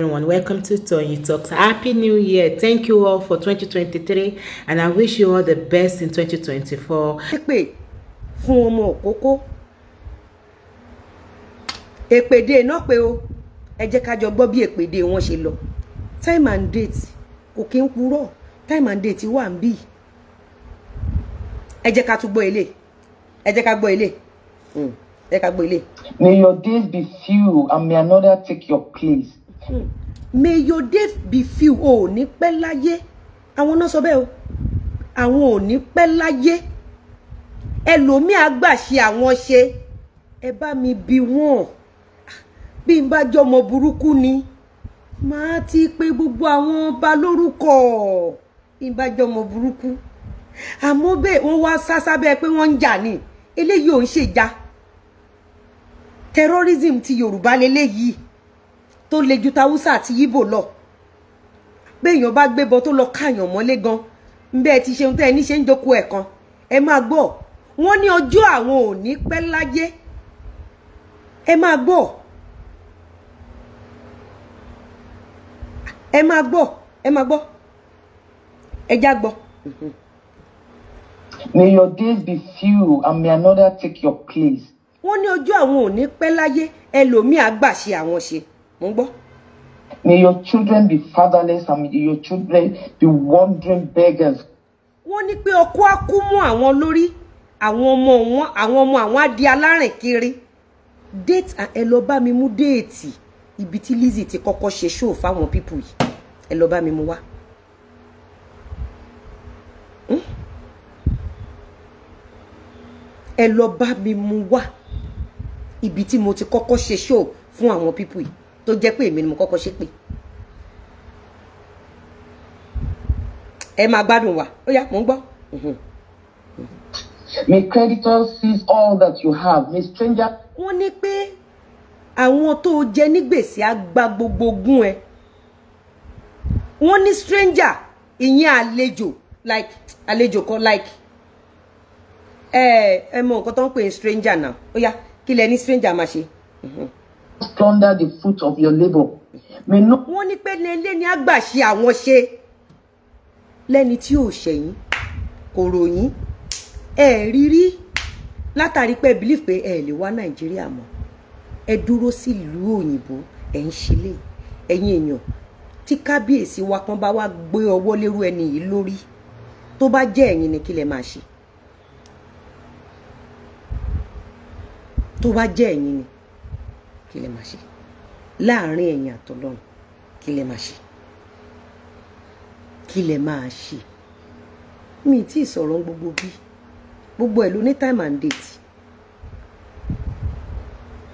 everyone welcome to Tony Talks happy new year thank you all for 2023 and i wish you all the best in 2024 èpè fún ọmọ òkókó èpèdè náà pé o ẹ jẹ́ ká jọ gbọ́ bí èpèdè wọn ṣe lọ time and date kò kí ń purọ́ time and date wà ń bì ẹ jẹ́ ká tún gbọ́ ilé ẹ jẹ́ ká gbọ́ ilé hmm. ẹ ká gbọ́ ilé. may your days be few and may another take your place. Hmm. may your day be few o ò ní pẹ́ láyé àwọn náà sọ bẹ́ẹ̀ o àwọn ò ní pẹ́ láyé ẹlòmíì àgbàṣe àwọn ṣe ẹ bá mi bi wọ́n ah, bí n bá jọmọ burúkú ni màá ti pè gbogbo awon ọba lórúkọ bí n bá jọmọ burúkú be bẹ́ẹ̀ wọ́n wá be pé wọ́n ń jà ní eléyìí ò ń ṣèjà terrorism ti yoruba Yorùbá leléyìí tó le ju tàwùsà àti yíbò lọ béèyàn bá gbébọn tó lọ káàyàn mọ́lé gan bẹ́ẹ̀ ti ṣeun tẹ́ ẹ ní ṣe ń kan ẹ máa gbọ́ wọ́n ní ọjọ́ àwọn ò ní pẹ́ láyé ẹ máa gbọ́ ẹ máa gbọ́ ẹ máa gbọ́ ẹ já may your days be few and may another take your place. wọ́n ní ọjọ́ àwọn ò ní pẹ́ láyé ẹlòmíì á gbàṣe àwọn ṣe mo ń gbọ́. May your children be fatherless and may your children be wandering beggars. Wọ́n ní pé ọkọ á kú mọ́ àwọn lórí, àwọn ọmọ wọn, àwọn ọmọ àwọn á di alárìn kiri. Déètì ẹ lọ bá mi mú déètì ibi tí Lizzy ti kọ́kọ́ ṣe ṣóò fáwọn pípù yìí. Ẹ lọ bá mi mú wá. Hmm? Ẹ lọ bá mi mú wá ibi tí mo ti kọ́kọ́ ṣe ṣóò fún àwọn pípù yìí tó jẹ́ pé èmi ni mo kọ́kọ́ ṣépè ẹ máa gbádùn wa ó yá mò ń gbọ́. Mm-hmm. Mm-hmm. may creditors seize all that you have may stranger. wọ́n ní pé àwọn tó jẹ ní gbèsè á gba gbogbo ogún ẹ wọ́n ní stranger ìyẹn àlejò like àlejò kan like ẹ eh, ẹ mọ nǹkan tó ń pè ní stranger náà ó yá kí lẹ ní stranger máa ṣe. Mm-hmm plunder the fruit of your labour. wọ́n ní pé lẹ́lẹ́ ni àgbàṣe àwọn ṣe lẹ́ni tí ò ṣẹ̀yìn kò ròyìn ẹ̀ rírí látàrí pé belief pé ẹ̀ lè wá nàìjíríà mọ́ ẹ dúró sí ìlú òyìnbó ẹ̀ ń ṣe lè ẹ̀yin èèyàn tí kábíyèsí wa kan bá wá gbé ọwọ́ lérú ẹni yìí lórí tó bá jẹ́ ẹ̀yin ni kí lẹ máa ṣe tó bá jẹ́ ẹ̀yin ni kí lè máa ṣe láàrin ẹ̀yin àtọlọ́run kí lè máa ṣe kí lè máa ṣe mi tí ì gbogbo bí gbogbo ẹ̀ ló ní time and date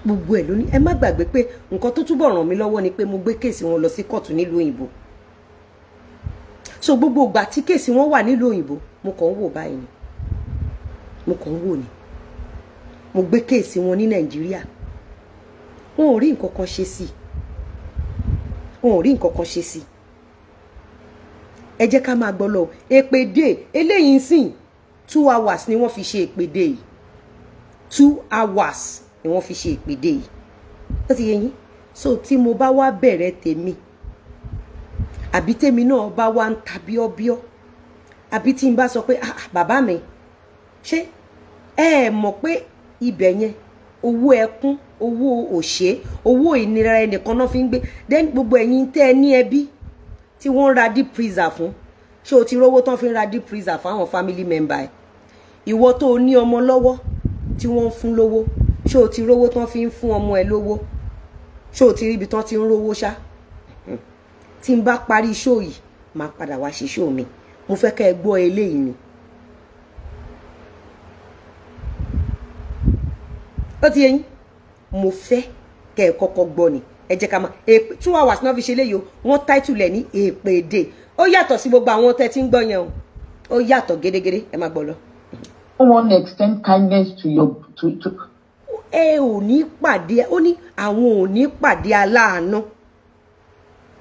gbogbo ẹ̀ ló ní ẹ má gbàgbé pé nǹkan tó túbọ̀ ràn mí lọ́wọ́ ni pé mo gbé kéèsì wọn lọ sí kóòtù nílùú òyìnbó so gbogbo ìgbà tí kéèsì wọn wà nílùú òyìnbó mo kàn ń wò báyìí ni mo kàn ń wò ni mo gbé kéèsì wọn ní nàìjíríà wọn ò rí nǹkan kan ṣe sí wọn ò rí nǹkan kan ṣe sí ẹ jẹ́ ká máa gbọ́ lọ èpèdè eléyìí sìn two hours ni wọ́n fi ṣe èpèdè yìí two hours ni wọ́n fi ṣe ìpèdè yìí ó ti yé yín so tí mo bá wá bẹ̀rẹ̀ tèmi àbí tèmi náà bá wá ń ta bíọ́bíọ́ àbí tí n bá sọ pé ah, ah bàbá mi ṣé ẹ mọ̀ pé ibẹ̀ yẹn owó ẹkún owó òṣè owó ìnira ẹnìkan náà fi ń gbé then gbogbo ẹ̀yin tẹ́ ẹ ní ẹbí tí wọ́n ń ra deep freezer fún ṣé o ti rówó tán fi ń ra deep freezer fún family member ẹ̀ ìwọ tó o ní ọmọ lọ́wọ́ tí wọ́n ń fún lówó ṣé o ti rówó tán fi ń fún ọmọ ẹ lówó ṣé o ti ríbi tán ti ń rówó ṣá tí n bá parí ṣó yìí máa padà wá ṣe ṣó mi mo fẹ́ kẹ́ ẹ gbọ́ eléyìí ni. ó ti yẹn mo fẹ́ kẹ́ ẹ̀ kọ́kọ́ ni ẹ jẹ́ ká máa èpè hours náà fi ṣe léyìí o title ẹ̀ ní èpè èdè ó gbogbo àwọn tẹ́ ti ń gbọ́ o ó yàtọ̀ gédégédé ẹ máa gbọ́ lọ. someone extend kindness to your to to. ẹ ò ní pàdé ó ní àwọn ò ní pàdé aláàánú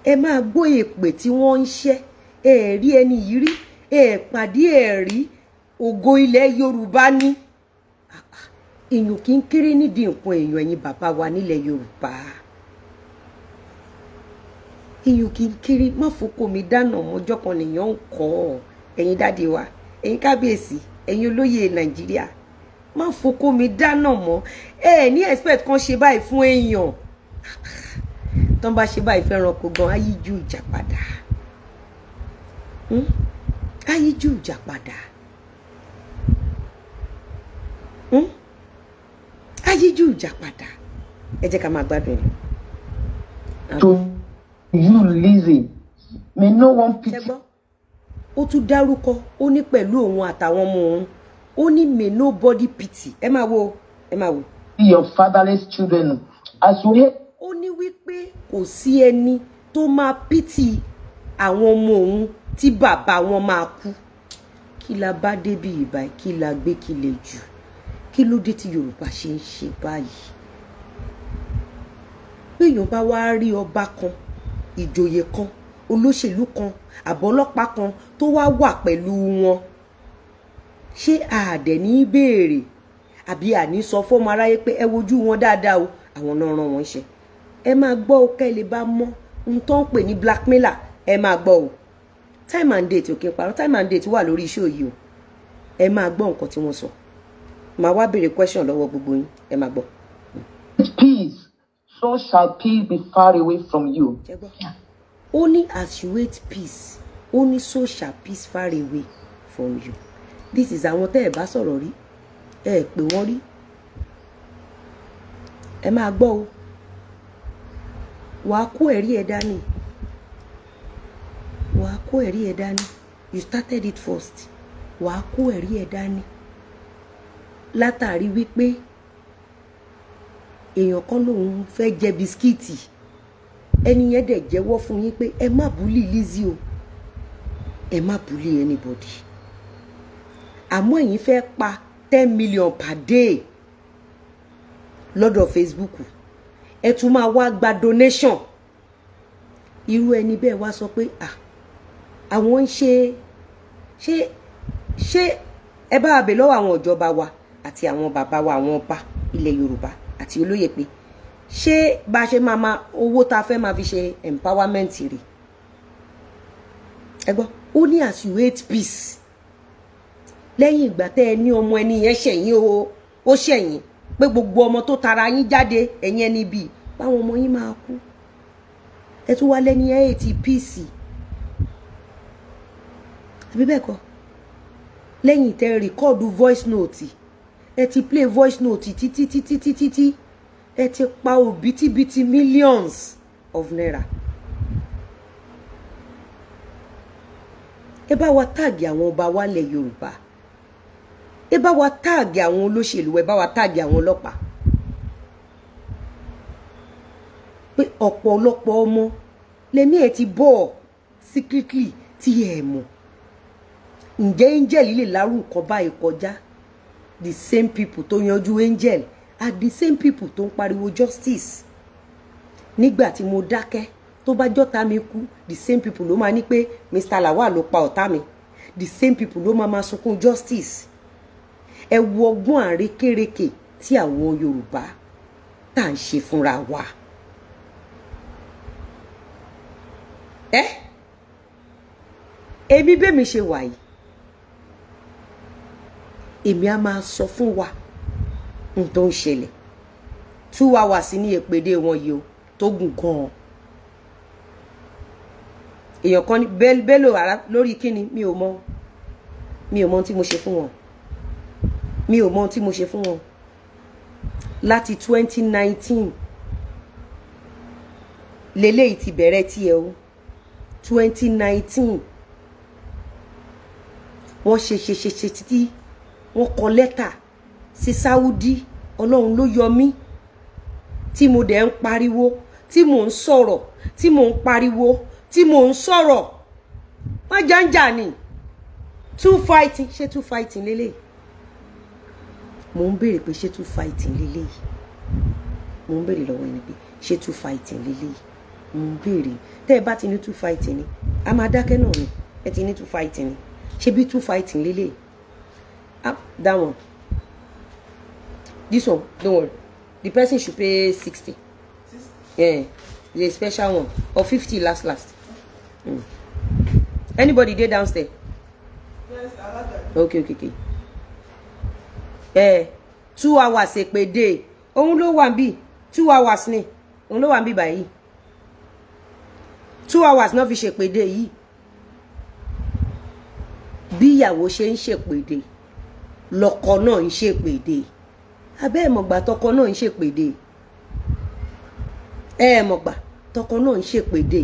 ẹ máa gbọ́ èpè tí wọ́n ń ṣẹ́ ẹ rí ẹni yìí rí ẹ pàdé ẹ rí ògo ilẹ̀ èèyàn kì í kéré nídìí nǹkan èèyàn ẹ̀yin bàbá wa nílẹ̀ Yorùbá èèyàn kì í kéré má fòkó mi dáná ọmọjọ́ kan nìyàn ń kọ́ ẹ̀yin dáde wa ẹ̀yin kábíyèsí ẹ̀yin olóyè Nàìjíríà má fòkó mi dáná mọ́ ẹ ní expect kan ṣe báyìí fún èèyàn tán bá ṣe báyìí fẹ́ràn kó gan ju ìjà padà ayíjú ìjà padà. Hmm? yíjú ìjà padà ẹ jẹ́ ká máa gbádùn ẹ̀. to you Lizzy may no one pity. ó tún dárúkọ ó ní pẹ̀lú òun àtàwọn ọmọ òun ó ní may nobody pity ẹ máa wo ẹ máa wo. be your fatherless children as you hear. ó ní wípé kò sí ẹni tó máa pity àwọn ọmọ òun tí bàbá wọn máa kú kí la bá débi ìbá kí la gbé kí lè jù kí ló dé tí Yorùbá ṣe ń ṣe báyìí péèyàn bá wá rí ọba kan ìjòyè kan olóṣèlú kan àbọ́lọ́pàá kan tó wá wà pẹ̀lú wọn ṣé àdẹ̀ ní í béèrè àbí àní sọ fọ́mọ aráyé pé ẹ wojú wọn dáadáa o àwọn náà rán wọn ṣe ẹ máa gbọ́ o kẹ́ lè bá mọ́ ohun tó ń pè ní blackmailer ẹ máa gbọ́ o time and date òkè parọ́ time and date wà lórí iṣẹ́ òyì o ẹ máa gbọ́ nǹkan tí wọ́n sọ. So màá wá béèrè question lọ́wọ́ gbogbo yín ẹ máa gbọ́. peace so shall peace be far away from you. Only as you wait, peace Only so shall peace far away from you this is àwọn tẹ́ ẹ̀ bá sọ̀rọ̀ rí ẹ ẹ̀ pè wọ́n rí ẹ máa gbọ́ o wàá kó ẹ̀rí ẹ̀ dání wàá kó ẹ̀rí ẹ̀ dání you started it first wàá kó ẹ̀rí ẹ̀ dání látàrí wípé èèyàn kan lòun fẹ́ jẹ bisikíìtì ẹni yẹn dẹ̀ jẹ́wọ́ fún yín pé ẹ má búlì Lizzy o ẹ má búlì anybody àmọ́ ẹ̀yin fẹ́ pa ten million per day lọ́dọ̀ Facebook ẹ tún máa wá gba donation irú ẹni bẹ́ẹ̀ wá sọ pé ah àwọn ń ṣe ṣe ṣe ẹ bá wa bè lọ́wọ́ àwọn ìjọba wa àti àwọn bàbá wa àwọn ọba ilẹ̀ yorùbá àti olóyè pé ṣé bá a ṣe máa ma owó tá a fẹ́ máa fi ṣe empowerment rè ẹ gbọ́ ó ní as you hate peace lẹ́yìn ìgbà tẹ́ ẹ ní ọmọ ẹni yẹn ṣẹ̀yìn o ó ṣẹ̀yìn pé gbogbo ọmọ tó tara yín jáde ẹ̀yìn ẹni bíi báwọn ọmọ yín máa kú ẹ tún wá lẹ́ni ẹ̀ ètí peace àbí bẹ́ẹ̀ kọ́ lẹ́yìn tẹ́ rìkọ́ọ̀dù voice note ẹ ti play voice note títí títí títí títí ẹ ti pa òbítíbitì millions of naira. ẹ bá wa táàgì àwọn ọba wálẹ̀ Yorùbá ẹ bá wa táàgì àwọn olóṣèlú ẹ bá wa táàgì àwọn ọlọ́pàá pé ọ̀pọ̀lọpọ̀ ọmọ lẹ́mí ẹ̀ ti bọ̀ secretly tí ẹ̀ mọ̀ ǹjẹ́ angel lè lárú nǹkan báyìí kọjá the same people tó yanjú angel At the same people tó ń pariwo justice nígbà tí mo dákẹ́ tó bá jọ́ta mi kú the same people ló máa ní pé Mr. Lawal ló pa ọ̀tá mi the same people ló máa máa sunkún justice ẹ wo ọgbọ́n àrékérekè tí àwọn Yorùbá tá à ń ṣe fúnra wa. ẹ èmi bẹ́ẹ̀ mi ṣe wà yìí èmi á máa sọ fún wa n tó ń ṣẹlẹ̀ tú wa wà sí ní èpèdè wọn yìí o tó gùn gan-an èèyàn kan ní bélò ara lórí kíni mi ò mọ mi ò mọ ohun tí mo ṣe fún wọn mi ò mọ ohun tí mo ṣe fún wọn láti 2019 leléyìí ti bẹ̀rẹ̀ tiẹ̀ o 2019 wọ́n ṣe ṣe ṣe ṣe títí wọ́n kọ lẹ́tà sí Saudi ọlọ́run ló yọ mí tí mo dẹ̀ ń pariwo tí mò ń sọ̀rọ̀ tí mò ń pariwo tí mò ń sọ̀rọ̀ wọ́n jọ ń jà ní two fighting ṣé two fighting lélẹ̀ mò ń béèrè pé ṣé two fighting lélẹ̀ mò ń béèrè lọ́wọ́ ẹni pé ṣé two fighting lélẹ̀ mò ń béèrè tẹ́ ẹ bá ti ní two fighting ni a máa dákẹ́ náà ni ẹ ti ní two fighting ni ṣé bí two fighting lélẹ̀ ah that one this one don't worry the person should pay sixty yeah the special one or fifty last last mm. anybody dey downstairs yes, I like that. okay okay okay eh two hours a dé òun ló wà bí two hours ne. Only one wà by báyìí two hours not náà fi ṣèpèdè yìí bí ìyàwó shake ń day lọ́kọ náà ń ṣèpèdè abẹ́ ẹ̀mọ̀gbà tọkọ náà ń ṣèpèdè ẹ̀ẹ̀mọ̀gbà tọkọ náà ń ṣèpèdè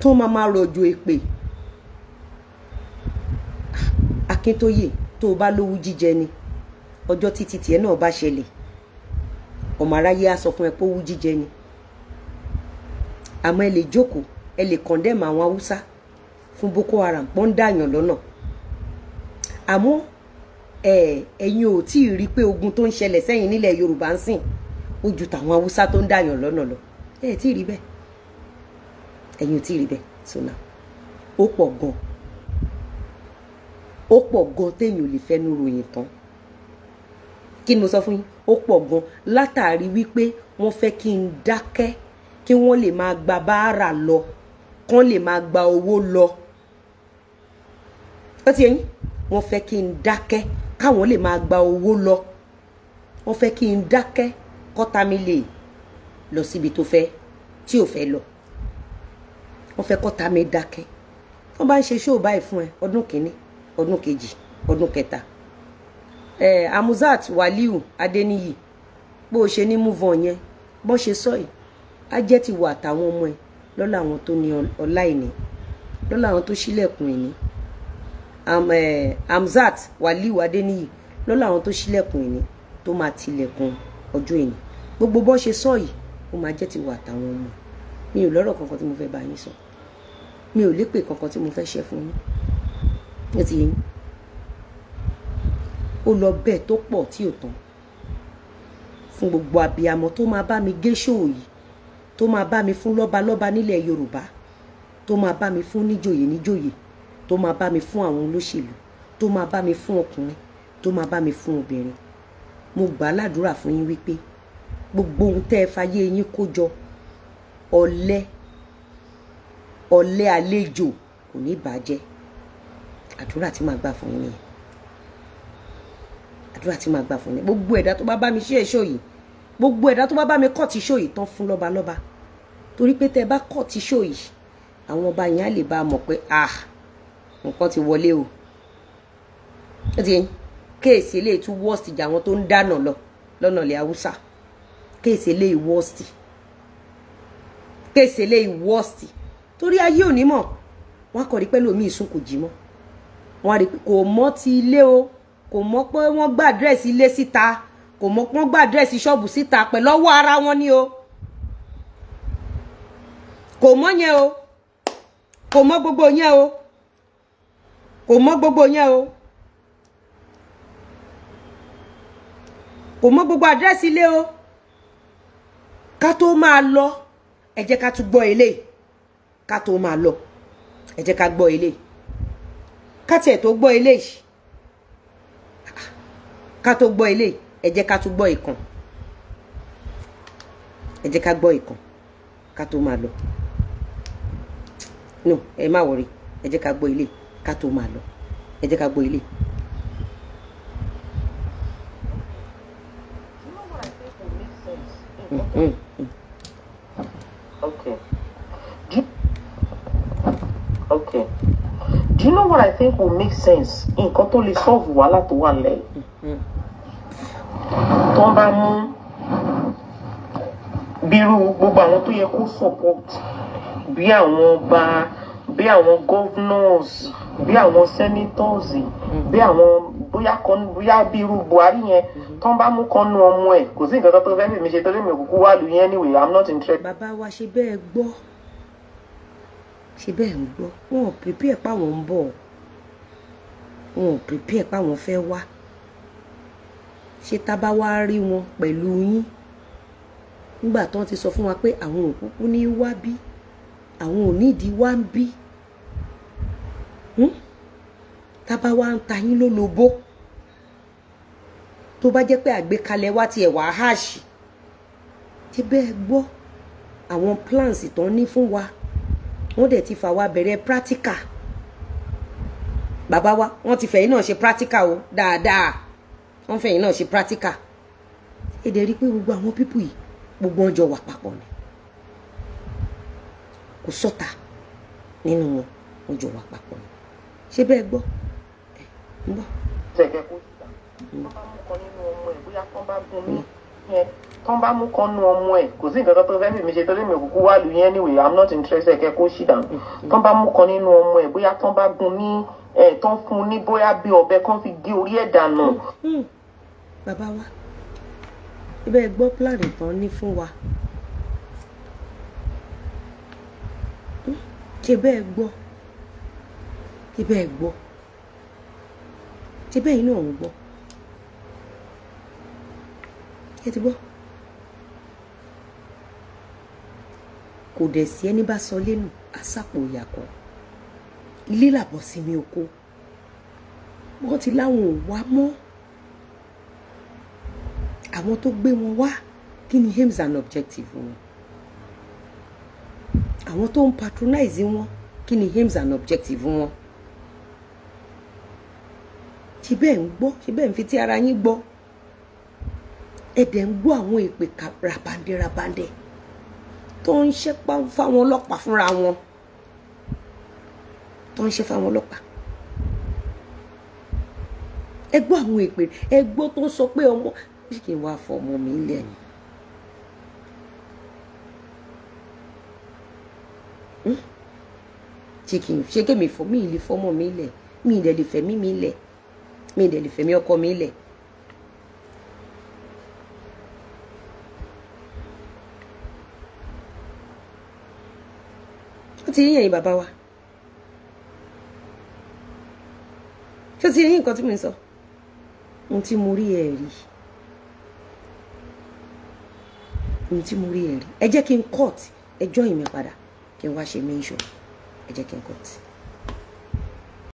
tó máa máa rọ̀jò èpè akíntóyè tó o bá lówó jíjẹ ni ọjọ́ títí tiẹ̀ náà bá ṣẹlẹ̀ ọmọ aráyé á sọ fún ẹ pé owó jíjẹ ni àmọ́ ẹ lè jókòó ẹ lè kọ̀ndẹ́mù àwọn haúsá fún boko haram pọ́n dàyàn lọ́nà àmọ́ ẹ̀yin ò tí ì rí pé ogun tó ń ṣẹlẹ̀ sẹ́yìn nílẹ̀ Yorùbá ń sìn ó ju tàwọn Haúsá tó ń dàyàn lọ́nà lọ ẹ̀ tí ì rí bẹ́ẹ̀ ẹ̀yin ò tí ì rí bẹ́ẹ̀ sọ́nà ó pọ̀ gan ó pọ̀ gan téèyàn ò lè fẹ́nu ròyìn tán kí ni mo sọ fún yín ó pọ̀ gan látàrí wípé wọ́n fẹ́ kí n dákẹ́ kí wọ́n lè máa gba báárà lọ kán lè máa gba owó lọ ó ti yẹn wọ́n fẹ́ kí n dákẹ́ káwọn lè máa gba owó lọ wọ́n fẹ́ kí n dákẹ́ kọ́ta mi lè lọ síbi tó fẹ́ tí ò fẹ́ lọ wọ́n fẹ́ kọ́ta mi dákẹ́ wọ́n bá ń ṣe ṣóò báyìí fún ẹ ọdún kìíní ọdún kejì ọdún kẹta ẹ Amuzat Waliu Adeniyi bó o ṣe ní move on yẹn bó ṣe sọ yìí á jẹ́ ti wà àtàwọn ọmọ ẹ lọ́la tó ní ọláìní lọ́la tó ṣílẹ̀kùn ìní Hamzat eh, Waliu Adeniyi ló láwọn tó ṣílẹ̀kùn ìní tó máa tilẹ̀kùn ọjọ́ ìní gbogbo bó ṣe sọ yìí ó máa jẹ́ tiwa àtàwọn ọmọ mi ò lọ́rọ̀ kankan tí mo fẹ́ bá yín sọ mi ò lépè kankan tí mo fẹ́ ṣe fún yín ní ti yín ó lọ bẹ́ẹ̀ tó pọ̀ tí ò tán fún gbogbo abiyamọ tó máa bá mi gé ṣòwò yìí tó máa bá mi fún lọ́balọ́ba nílẹ̀ Yorùbá tó máa bá mi fún níjòyè níjòyè tó máa bá mi fún àwọn olóṣèlú tó máa bá mi fún ọkùnrin tó máa bá mi fún obìnrin mo gbà á ládùúrà fún yín wípé gbogbo ohun tẹ́ ẹ fayé yín kó jọ ọ̀lẹ ọ̀lẹ àlejò kò ní bàjẹ́ àdúrà tí màá gbà fún yín nìyẹn àdúrà tí màá gbà fún yín gbogbo ẹ̀dá tó bá bá mi ṣe èso yìí gbogbo ẹ̀dá tó bá bá mi kọ́ ti ṣó yìí tán fún lọ́balọ́ba torí pé tẹ́ ẹ bá kọ́ ti ṣó yìí àwọn ọba yẹn á lè bá a mọ̀ pé ah nǹkan ti wọlé o ó ti yẹn kéèsì eléyìí tún worst jà àwọn tó ń dáná lọ lọ́nà ilẹ̀ haúsá kéèsì eléyìí worst kéèsì eléyìí worst torí ayé ò ní mọ̀ wọ́n kọ̀ rí pẹ́ lómi ìsún kò jí mọ́ wọ́n rí kò mọ́ ti ilé o kò mọ́ pé wọ́n gba àdírẹ́sì ilé síta kò mọ́ pé wọ́n gba àdírẹ́sì ṣọ́ọ̀bù síta pẹ̀lú ọwọ́ ara wọn ni o kò mọ́ yẹn o kò mọ́ gbogbo yẹn o kò mọ gbogbo yẹn o kò mọ gbogbo àdírẹ́sì ilé o ká tó máa lọ ẹ jẹ́ ká tún gbọ́ eléyìí ká tó máa lọ ẹ jẹ́ ká gbọ́ eléyìí ká tiẹ̀ tó gbọ́ eléyìí ká tó gbọ́ eléyìí ẹ jẹ́ ká tún gbọ́ ìkan ẹ jẹ́ ká gbọ́ ìkan ká tó máa lọ no ẹ má wọrí ẹ jẹ́ ká gbọ́ eléyìí ká tó máa lọ ẹ jẹ́ ká gbọ́ ilé. Mm-hmm. Okay. Do you, okay. Do you know what I think will make sense? Nǹkan tó lè solve wàhálà tó wà lẹ̀. Mm-hmm. Tó ń bá mú bírú gbogbo àwọn tó yẹ kó support bí àwọn bá bí àwọn governors bí àwọn senators bí àwọn bóyá kan bóyá bí irú Buhari yẹn tó ń bá mú kan nu ọmọ ẹ̀ kò sí nǹkan tó fẹ́ fi mi ṣe torí mi ò kúkú wà lù yẹn anyway i'm not interested. bàbá wa ṣe bẹ́ẹ̀ gbọ́ ṣe bẹ́ẹ̀ gbọ́ wọn ò pèpè páwọn ń bọ̀ wọn ò pèpè páwọn fẹ́ wá ṣé tá wá rí wọn pẹ̀lú yín nígbà tó ń ti sọ fún wa pé àwọn òkúkú ní wá bí àwọn ò nídìí wá ń bí tábà wá ń ta yín lólobó tó bá jẹ́ pé àgbékalẹ̀ wá tiẹ̀ wá háàṣì tí bẹ́ẹ̀ gbọ́ àwọn plans tán ní fún wa wọ́n dẹ̀ ti fà wá bẹ̀rẹ̀ practical bàbá wa wọ́n ti fẹ̀yìn náà ṣe practical o dáadáa wọ́n fẹ̀yìn náà ṣe practical èdè rí pé gbogbo àwọn pípù yìí gbogbo ọjọ́ wà papọ̀ ni kò sọ́ta nínú wọn ọjọ́ wà papọ̀ ni ṣé bẹ́ẹ̀ gbọ́ ń bọ̀. jẹ̀gẹ̀ kó síta tó bá mú kan nínú ọmọ ẹ̀ bóyá tó bá gun mí yẹn tó bá mú kan kò sí nǹkan tó fẹ́ fi mi ṣe torí mi òkùnkùn wà lù yẹn anyway I'm not interested kẹ́ kó síta tó bá mú kan nínú ọmọ ẹ̀ bóyá tó bá gun mí ẹ̀ tó fún un ní bóyá bí ọ̀bẹ kan fi gé orí ẹ̀ dànù. Hmm. bàbá wa ibẹ̀ gbọ́ plan tán ní fún wa hmm. ṣe bẹ́ẹ̀ gbọ́ ibẹ̀ gbọ́ ibẹ̀ yìí náà ń gbọ́ ẹ ti gbọ́ kò dẹ̀ sí ẹni bá sọ lẹ́nu àsàpò ìyàkọ́ ilé làbọ̀ sí mi oko wọ́n ti láwọn ò wá mọ́ àwọn tó gbé wọn wá kí ni aims and objective wọn àwọn tó ń patronize wọn kí ni aims and objective wọn ṣe bẹ́ẹ̀ ń gbọ́ ṣe bẹ́ẹ̀ ń fi tí ara yín gbọ́ ẹ̀dẹ̀ ń gbọ́ àwọn èpè rabandẹ rabandẹ tó ń ṣe fáwọn ọlọ́pàá fúnra wọn tó ń ṣe fáwọn ọlọ́pàá ẹ gbọ́ àwọn èpè ẹ gbọ́ tó ń sọ pé ọmọ bí kì í wá fọ ọmọ mi lẹ̀ ni. Hm? kí n ṣe kémi fọ mí ìlè fọmọ mi lẹ̀ mí ìlẹ̀ lè fẹ̀mí mi lẹ̀ mi ìdẹ̀ lè fẹ̀mí ọkọ mi lẹ̀. ó ti yíyan yín bàbá wa ṣó ti yín nǹkan tí mo ń sọ ohun tí mo rí ẹ̀ rí ohun tí mo rí ẹ̀ rí ẹ jẹ́ kí n court ẹjọ́ ìmí padà kí n wá ṣe mention ẹ kí n court.